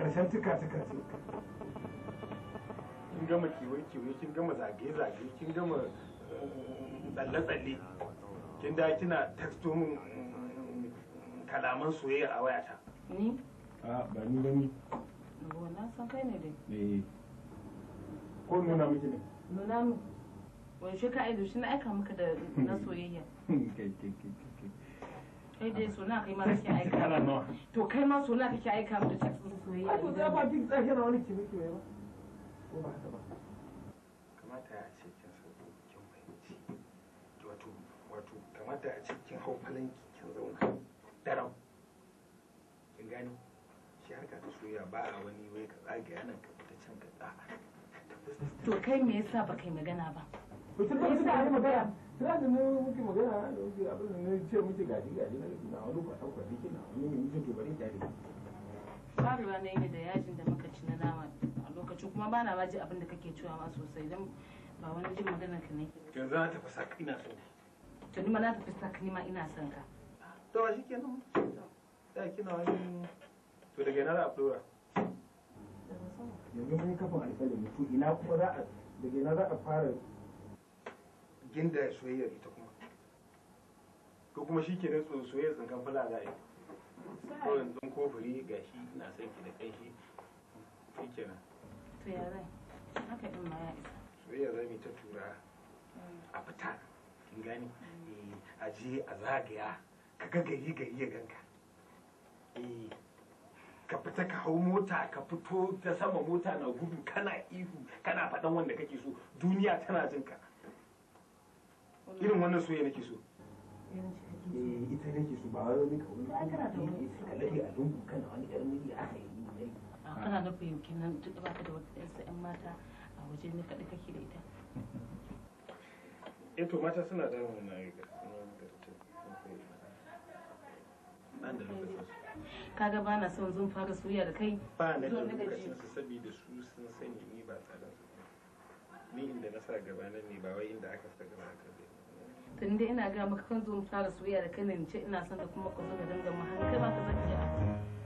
karshen tuka tuka ce kin gama kiwai kiwai kin gama zage zage kin gama eh, tsalle tsalle kin da kina texto min mm, kalaman soyayya a wayata ni a ba ni ba ni na san kai ne dai eh ko nuna miki ne nuna mu wani shi ka aido shi na aika maka da na soyayya hmm, ni dai suna kai ma kake aika to kai ma suna kake aika mu da tsakin soyayya to za ba kin tsakin wani ki miki ba ko ba haka ba kamata a ce kin san kin fahimci wato wato kamata a ce kin hau falanki kin zauna daram kin gano shi harka ta soyayya ba a wani wai ka tsagaya nan ka fita can ka tsaka to kai me yasa ba kai magana ba mutum ba yasa magana suna da nan muke magana da muke abin da na ce muke gaji gaji na na wani kwata kwata ke na wani mai mutum tubarin jari faruwa na yi da yajin da muka ci na nama a lokacin kuma ba na waje ji abin da kake cewa ma sosai don ba wani jin magana ka nake yanzu na tafi sak ina so to ni na tafi sak ni nima ina son ka to shi kenan da kina wani to daga yana da a yanzu mun kafin alƙalin mutu ina kuma za a daga yana za a fara ginda soyayyar ita kuma ko kuma shi kenan soyayyar soyayya fula za a yi ko yanzu kofuri ga shi na son ki da kai shi shi kenan to ya zai haka din ma ya isa soyayya za mu ta tura a fita kin gani eh, a je a zagaya ka ga gari gari ya ganka eh, ka fita ka hau mota ka fito ta sama mota na gudu kana ihu kana faɗan wanda kake so duniya tana jin ka irin wannan soyayya nake so eh ita nake so ba wani kawai kana da wani suka dade a dunku kana wani yar miji aka yi kana nufin kenan duk ba ka da wata 'yan mata a waje ne kaɗai kake da ita eh to mata suna da wannan ayyuka kaga ba na son zun fara soyayya da kai ba na da lokacin su saboda su sun sani ni ba tsada su ni inda na sa gaba nan ne ba wai inda aka sa gaba aka zai tun dai ina ga maka kan zo mu fara soyayya da kanin ce ina son da kuma ka zo ka dinga mu hankali ma ka zaki a